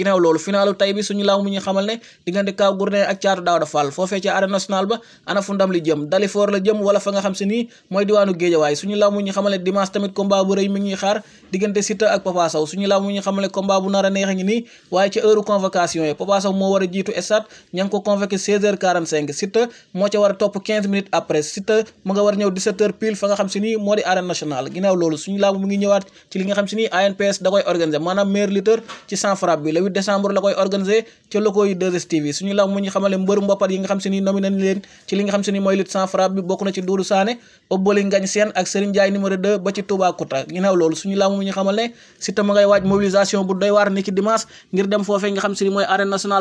ginnaaw loolu finaalu tay bi suñu laamu ñu xamal ne diggante Kaw Gourdin ak Caatu Daawda Fall foofee ca arène nationale ba ana fu ndam li jëm Dalifort la jëm wala fa nga xam si nii mooy diwaanu Géejawaay suñu laamu ñu xamal ne dimanche tamit combat bu rëy mi ngi xaar diggante Siteu ak Papa suñu laamu ñu xamal ne combat bu nar a ngi nii waaye ca heure convocation yi Papa moo war a jiitu stade ña ko convoqué 16 h le décembre la koy organisé ca locaux yi 2STV suñu ñu xamale mu ñu xamal ne Siteu ma fa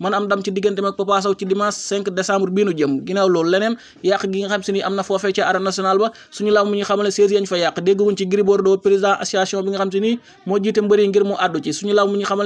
mën am dam ci diggante ak Papa association bi nga xam se ni moo jiite mbëri ngir mu àddu ci suñu la mu ñu xamal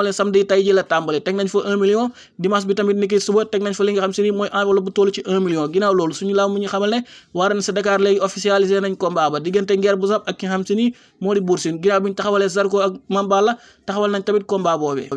tàmbale samedi tey ji la teg nañ fa un million dimanche bi tamit ni ki suba teg nañ fa li xam si ni mooy enveloppe bu toll ci laamu ñu xamal ne waaran sa Dakar léegi officialisé nañ combat diggante ngeer bu sab ak ki xam si ni moo di Bour Sine ginnaaw taxawalee Zarko ak Mambala taxawal nañ tamit combat